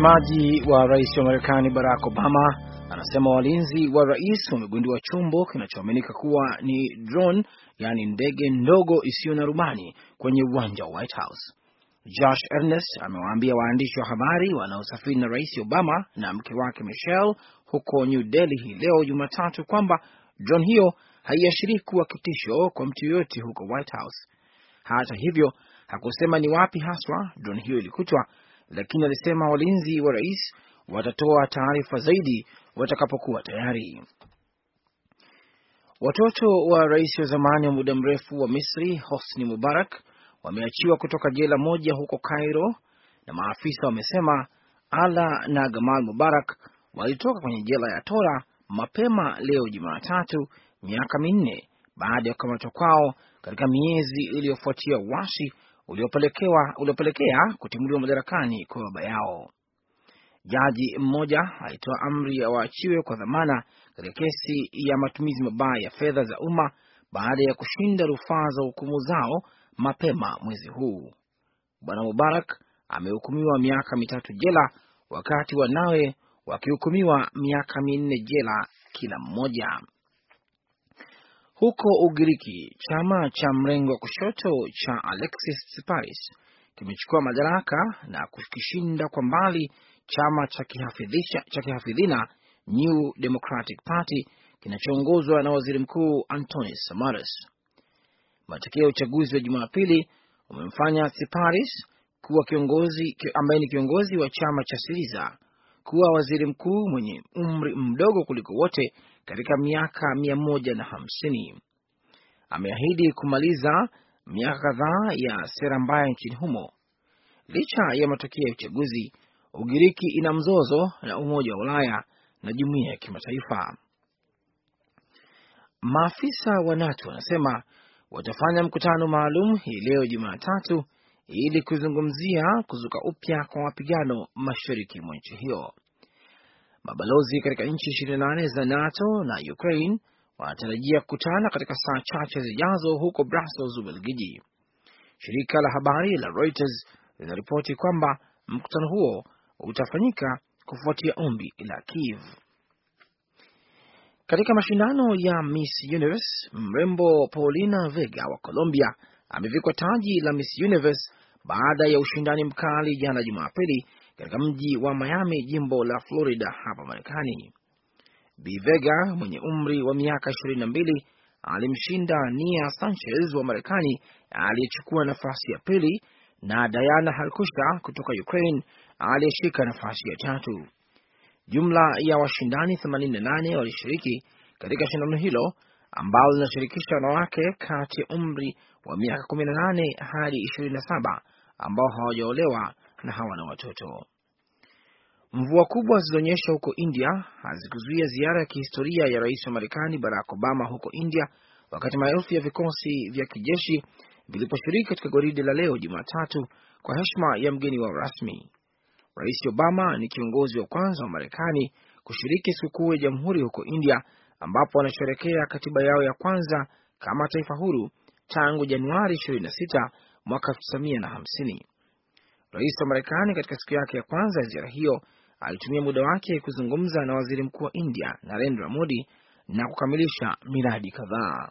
Msemaji wa rais wa Marekani Barack Obama anasema walinzi wa rais wamegundua chombo kinachoaminika kuwa ni drone, yaani ndege ndogo isiyo na rubani kwenye uwanja wa White House. Josh Ernest amewaambia waandishi wa habari wanaosafiri na rais Obama na mke wake Michelle huko New Delhi hii leo Jumatatu kwamba drone hiyo haiashirii kuwa kitisho kwa mtu yoyote huko White House. Hata hivyo hakusema ni wapi haswa drone hiyo ilikutwa lakini alisema walinzi wa rais watatoa taarifa zaidi watakapokuwa tayari. Watoto wa rais wa zamani wa muda mrefu wa Misri Hosni Mubarak wameachiwa kutoka jela moja huko Cairo, na maafisa wamesema Ala na Gamal Mubarak walitoka kwenye jela ya Tora mapema leo Jumatatu, miaka minne baada ya kukamatwa kwao katika miezi iliyofuatia wasi uliopelekea kutimuliwa madarakani kwa baba yao. Jaji mmoja alitoa amri ya waachiwe kwa dhamana katika kesi ya matumizi mabaya ya fedha za umma baada ya kushinda rufaa za hukumu zao mapema mwezi huu. Bwana Mubarak amehukumiwa miaka mitatu jela wakati wanawe wakihukumiwa miaka minne jela kila mmoja. Huko Ugiriki, chama cha mrengo wa kushoto cha Alexis Tsipras kimechukua madaraka na kukishinda kwa mbali chama cha kihafidhina New Democratic Party kinachoongozwa na waziri mkuu Antonis Samaras. Matokeo ya uchaguzi wa Jumapili umemfanya Tsiparis kuwa kiongozi ambaye ni kiongozi wa chama cha Siriza kuwa waziri mkuu mwenye umri mdogo kuliko wote katika miaka mia moja na hamsini. Ameahidi kumaliza miaka kadhaa ya sera mbaya nchini humo. Licha ya matokeo ya uchaguzi, Ugiriki ina mzozo na Umoja wa Ulaya na jumuiya ya kimataifa. Maafisa wa NATO wanasema watafanya mkutano maalum hii leo Jumatatu ili kuzungumzia kuzuka upya kwa mapigano mashariki mwa nchi hiyo. Mabalozi katika nchi 28 za NATO na Ukraine wanatarajia kukutana katika saa chache zijazo huko Brussels, Ubelgiji. Shirika la habari la Reuters linaripoti kwamba mkutano huo utafanyika kufuatia ombi la Kiev. Katika mashindano ya Miss Universe, mrembo Paulina Vega wa Colombia amevikwa taji la Miss Universe baada ya ushindani mkali jana Jumapili katika mji wa Miami, jimbo la Florida hapa Marekani. Bi Vega mwenye umri wa miaka 22 alimshinda Nia Sanchez wa Marekani aliyechukua nafasi ya pili na Diana Halkusha kutoka Ukraine aliyeshika nafasi ya tatu. Jumla ya washindani 88 walishiriki katika shindano hilo ambalo linashirikisha wanawake kati ya umri wa miaka 18 hadi 27 ambao hawajaolewa na hawana watoto. Mvua kubwa zilizonyesha huko India hazikuzuia ziara ya kihistoria ya rais wa Marekani Barack Obama huko India, wakati maelfu ya vikosi vya kijeshi viliposhiriki katika goride la leo Jumatatu kwa heshima ya mgeni wao rasmi. Rais Obama ni kiongozi wa kwanza wa Marekani kushiriki sikukuu ya Jamhuri huko India ambapo wanasherekea katiba yao ya kwanza kama taifa huru tangu Januari 26 mwaka 1950. Rais wa Marekani katika siku yake ya kwanza ya ziara hiyo alitumia muda wake kuzungumza na waziri mkuu wa India Narendra Modi na kukamilisha miradi kadhaa.